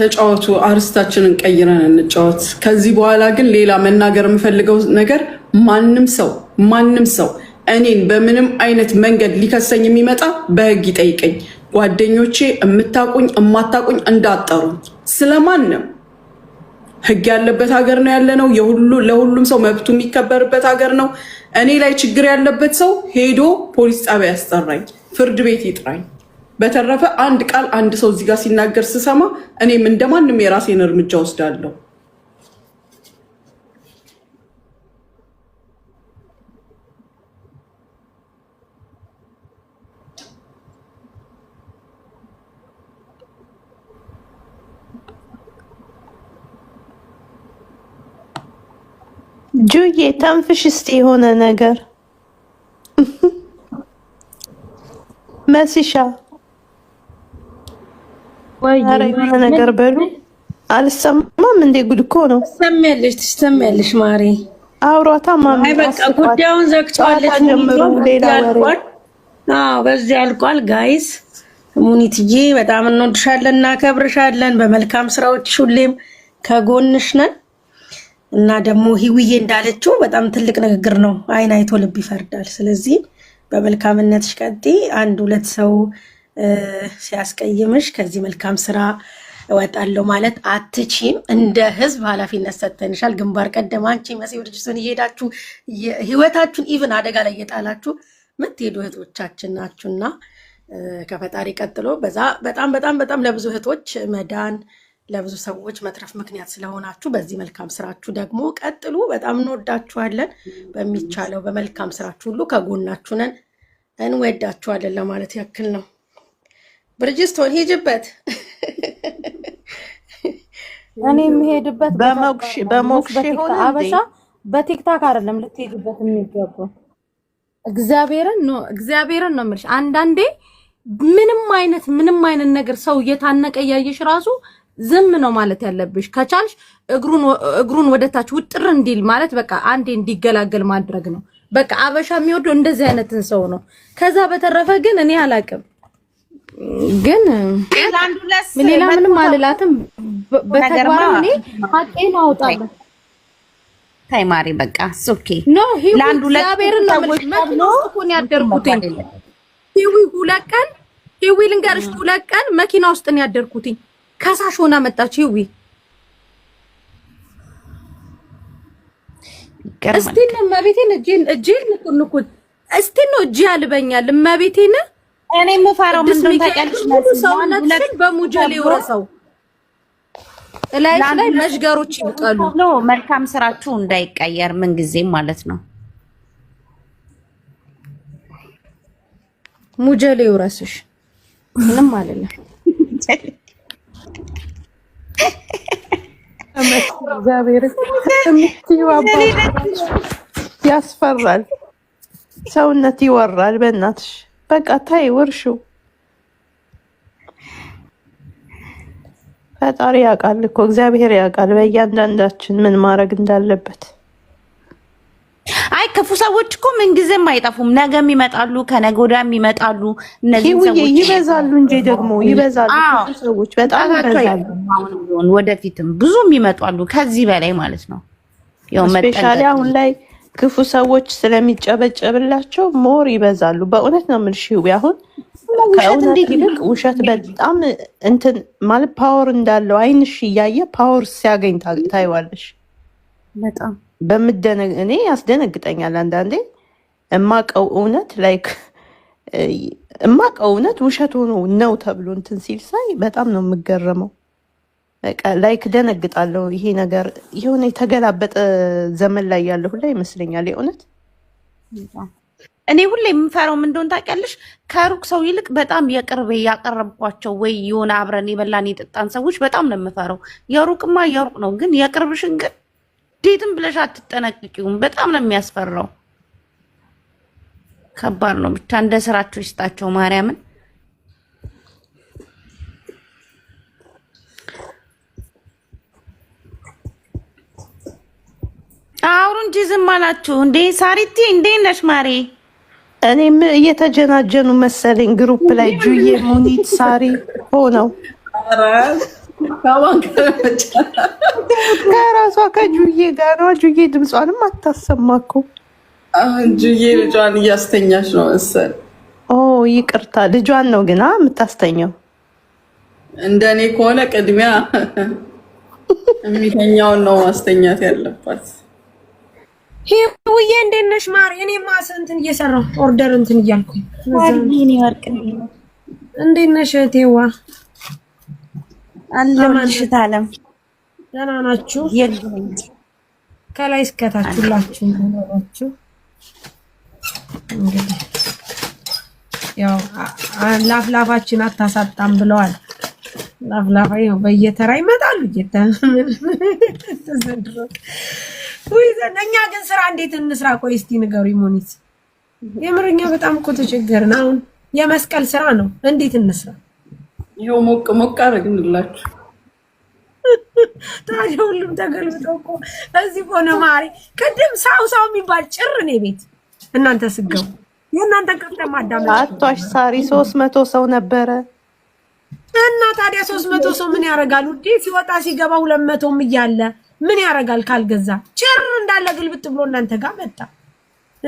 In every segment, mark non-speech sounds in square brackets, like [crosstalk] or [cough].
ተጫወቱ። አርስታችንን ቀይረን እንጫወት። ከዚህ በኋላ ግን ሌላ መናገር የምፈልገው ነገር ማንም ሰው ማንም ሰው እኔን በምንም አይነት መንገድ ሊከሰኝ የሚመጣ በህግ ይጠይቀኝ። ጓደኞቼ የምታቁኝ እማታቁኝ እንዳጠሩኝ ስለማንም ህግ ያለበት ሀገር ነው ያለ ነው። ለሁሉም ሰው መብቱ የሚከበርበት ሀገር ነው። እኔ ላይ ችግር ያለበት ሰው ሄዶ ፖሊስ ጣቢያ ያስጠራኝ፣ ፍርድ ቤት ይጥራኝ። በተረፈ አንድ ቃል አንድ ሰው እዚህ ጋር ሲናገር ስሰማ እኔም እንደማንም የራሴን እርምጃ ወስዳለሁ። ጁዬ ተንፍሽ እስቲ የሆነ ነገር [laughs] መሲሻ የሆነ ነገር በሉ አልሰማም። እንዴ ጉድ እኮ ነው። ትሰሚያለሽ፣ ትሰሚያለሽ ማሪ አውሯታ ማሚ በቃ ጉዳዩን ዘግቷለች። በዚህ አልቋል። ጋይስ ሙኒትዬ በጣም እንወድሻለን፣ እናከብርሻለን። በመልካም ስራዎች ሁሌም ከጎንሽ ነን እና ደግሞ ሂውዬ እንዳለችው በጣም ትልቅ ንግግር ነው። አይን አይቶ ልብ ይፈርዳል። ስለዚህ በመልካምነትሽ ቀጤ አንድ ሁለት ሰው ሲያስቀይምሽ ከዚህ መልካም ስራ እወጣለሁ ማለት አትቺም እንደ ህዝብ ኃላፊነት ሰተንሻል። ግንባር ቀደም አንቺ መሲው ድርጅቱን እየሄዳችሁ ህይወታችሁን ኢቭን አደጋ ላይ እየጣላችሁ ምትሄዱ እህቶቻችን ናችሁና ከፈጣሪ ቀጥሎ በዛ በጣም በጣም በጣም ለብዙ እህቶች መዳን ለብዙ ሰዎች መትረፍ ምክንያት ስለሆናችሁ በዚህ መልካም ስራችሁ ደግሞ ቀጥሉ። በጣም እንወዳችኋለን። በሚቻለው በመልካም ስራችሁ ሁሉ ከጎናችሁ ነን፣ እንወዳችኋለን ለማለት ያክል ነው። ብርጅስቶን ሄጅበት እኔ የምሄድበት በሞክሽ አበሻ በቲክታክ አይደለም ልትሄድበት የሚገባው እግዚአብሔርን ነው፣ እግዚአብሔርን ነው የምልሽ። አንዳንዴ ምንም አይነት ምንም አይነት ነገር ሰው እየታነቀ እያየሽ ራሱ ዝም ነው ማለት ያለብሽ። ከቻልሽ እግሩን እግሩን ወደታች ውጥር እንዲል ማለት በቃ አንዴ እንዲገላገል ማድረግ ነው። በቃ አበሻ የሚወደው እንደዚህ አይነትን ሰው ነው። ከዛ በተረፈ ግን እኔ አላቅም። ግን ሌላ ምንም አልላትም። በተግባር እኔ ሀቄን አወጣለሁ። ታይ ማሪ በቃ ሶኬ ኖ ሂዊ እግዚአብሔርን ነው መኪና ያደርኩትኝ ሂዊ ሁለት ቀን ሂዊ ልንገርሽ፣ ሁለት ቀን መኪና ውስጥ ነው ያደርኩትኝ። ከሳሽ ሆና መጣች ሂዊ። እስቲ ነው መቤቴን እጄን እጄን ንኩንኩት እስቲ ነው እጄ ያልበኛል መቤቴን እኔ የምፈራው ምንድን ነው ታውቂያለሽ? ሰውነትሽን በሙጀሌ ወረሰው ላይ ላይ መሽገሮች ይብቀሉ። መልካም ስራችሁ እንዳይቀየር ምንጊዜም ማለት ነው። ሙጀሌ ውረስሽ ምንም አይደለም። እግዚአብሔር ያስፈራል። ሰውነት ይወራል። በእናትሽ በቃ ታይ ውርሹ ፈጣሪ ያውቃል እኮ እግዚአብሔር ያውቃል በእያንዳንዳችን ምን ማድረግ እንዳለበት። አይ ክፉ ሰዎች እኮ ምንጊዜም አይጠፉም። ነገም ይመጣሉ፣ ከነገ ወዲያም ይመጣሉ። እነዚህ ሰዎች ይበዛሉ እንጂ ደግሞ ይበዛሉ፣ ሰዎች በጣም ይበዛሉ። ወደፊትም ብዙም ይመጣሉ፣ ከዚህ በላይ ማለት ነው። ያው አሁን ላይ ክፉ ሰዎች ስለሚጨበጨብላቸው ሞር ይበዛሉ። በእውነት ነው የምልሽ ውይ፣ አሁን ውሸት በጣም እንትን ማለት ፓወር እንዳለው አይንሽ እያየ ፓወር ሲያገኝ ታይዋለሽ። በምደነ እኔ ያስደነግጠኛል አንዳንዴ እማቀው እውነት ላይክ እማቀው እውነት ውሸት ሆኖ ነው ተብሎ እንትን ሲል ሳይ በጣም ነው የምገረመው። ላይክ ደነግጣለሁ። ይሄ ነገር የሆነ የተገላበጠ ዘመን ላይ ያለሁ ላይ ይመስለኛል። የእውነት እኔ ሁሌ የምፈራው ምን እንደሆነ ታውቂያለሽ? ከሩቅ ሰው ይልቅ በጣም የቅርቤ ያቀረብኳቸው ወይ የሆነ አብረን የበላን የጠጣን ሰዎች በጣም ነው የምፈራው። የሩቅማ የሩቅ ነው፣ ግን የቅርብሽን ግን እንዴትም ብለሽ አትጠነቅቂውም። በጣም ነው የሚያስፈራው። ከባድ ነው። ብቻ እንደ ስራቸው ይስጣቸው ማርያምን እንጂ ዝም አላችሁ እንዴ? ሳሪቲ እንዴ ነሽ ማሬ? እኔም እየተጀናጀኑ መሰለኝ ግሩፕ ላይ ጁዬ፣ ሙኒት፣ ሳሪ ሆነው ከራሷ ከጁዬ ጋር ነው። ጁዬ ድምጿንም አታሰማ ጁዬ ልጇን እያስተኛች ነው መሰል። ይቅርታ ልጇን ነው ግና የምታስተኘው። እንደኔ ከሆነ ቅድሚያ [laughs] የሚተኛውን ነው ማስተኛት ያለባት። ሂውዬ እንዴት ነሽ ማር? እኔማ እንትን እየሰራሁ ኦርደር እንትን እያልኩኝ ማርዲኒ ወርቅ ነኝ። እንዴት ነሽ እህቴዋ? አለሽ ታለም ደህና ናችሁ? ከላይ እስከታችሁላችሁ ናችሁ። እንግዲህ ያው ላፍላፋችን አታሳጣም ብለዋል። ላፍላፋ ያው በየተራ ይመጣሉ። ጌታ ተዘድሮ ይዘን እኛ ግን ስራ እንዴት እንስራ? ቆይ እስቲ ንገሩኝ። ሞኒት የምርኛ በጣም እኮ ተቸገርን። አሁን የመስቀል ስራ ነው እንዴት እንስራ? ይኸው ሞቅ ሞቅ አደረግንላችሁ። ታዲያ ሁሉም ተገልብጦ እኮ እዚህ ሆነ። ማሪ ቅድም ሳው ሳው የሚባል ጭር እኔ ቤት እናንተ ስገቡ የእናንተ ከፍተ ማዳመ አቷሽ ሳሪ ሶስት መቶ ሰው ነበረ እና ታዲያ ሶስት መቶ ሰው ምን ያደርጋል ውዴ? ሲወጣ ሲገባ ሁለት መቶም እያለ ምን ያደርጋል ካልገዛ ጭር እንዳለ ግልብጥ ብሎ እናንተ ጋር መጣ።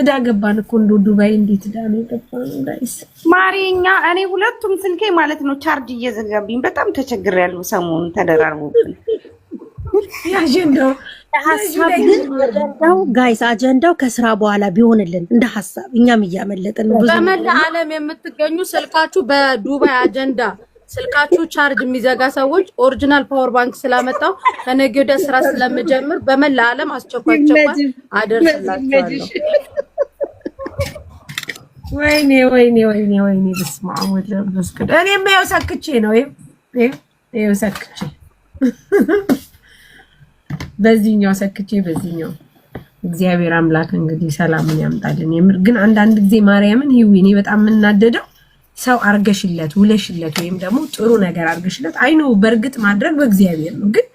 እዳ ገባን እኮ እንደ ዱባይ እንዴት እዳ ነው የገባነው? እንዳይስ ማሪኛ እኔ ሁለቱም ስልኬ ማለት ነው ቻርጅ እየዘጋብኝ በጣም ተቸግር ተቸግሬያለሁ። ሰሞኑን ተደራርቦብን ጋይስ አጀንዳው ከስራ በኋላ ቢሆንልን እንደ ሀሳብ እኛም እያመለጥን ነው። በመላ ዓለም የምትገኙ ስልካችሁ በዱባይ አጀንዳ ስልካችሁ ቻርጅ የሚዘጋ ሰዎች ኦሪጂናል ፓወር ባንክ ስላመጣው ከነገ ወዲያ ስራ ስለምጀምር በመላ ዓለም አስቸኳይ አስቸኳይ አደርስላችኋለሁ። ወይኔ ወይኔ ወይኔ ወይኔ! በስመ አብ ወወልድ ወመንፈስ ቅዱስ። እኔም ይኸው ሰክቼ ነው፣ ይኸው ሰክቼ፣ በዚህኛው ሰክቼ፣ በዚህኛው እግዚአብሔር አምላክ እንግዲህ ሰላምን ያምጣልን። የምር ግን አንዳንድ ጊዜ ማርያምን ይሁን እኔ በጣም የምናደደው ሰው አርገሽለት ውለሽለት ወይም ደግሞ ጥሩ ነገር አርገሽለት አይኖ በእርግጥ ማድረግ በእግዚአብሔር ነው። ግን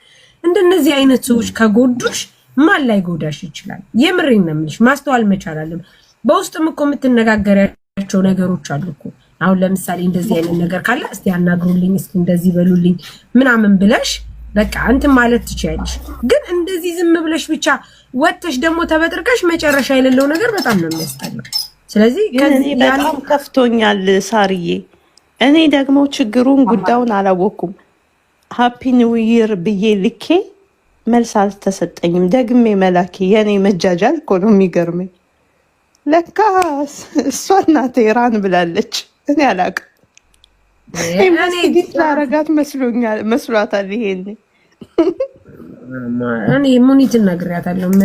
እንደነዚህ አይነት ሰዎች ከጎዱሽ ማን ላይ ጎዳሽ ይችላል? የምሬን ነው የምልሽ። ማስተዋል መቻላለም። በውስጥም እኮ የምትነጋገሪያቸው ነገሮች አሉ እኮ። አሁን ለምሳሌ እንደዚህ አይነት ነገር ካለ እስቲ ያናግሩልኝ፣ እስቲ እንደዚህ በሉልኝ ምናምን ብለሽ በቃ እንትን ማለት ትችያለሽ። ግን እንደዚህ ዝም ብለሽ ብቻ ወጥተሽ ደግሞ ተበጥርቀሽ መጨረሻ የሌለው ነገር በጣም ነው የሚያስጠላው። ስለዚህ በጣም ከፍቶኛል ሳርዬ። እኔ ደግሞ ችግሩን ጉዳዩን አላወቅኩም። ሀፒ ኒውይር ብዬ ልኬ መልስ አልተሰጠኝም። ደግሜ መላኬ የእኔ መጃጃል እኮ ነው የሚገርመኝ። ለካ እሷ እናቴ ኢራን ብላለች። እኔ አላውቅም። ላረጋት መስሏታል። ይሄኔ እኔ ሙኒት እነግራታለሁ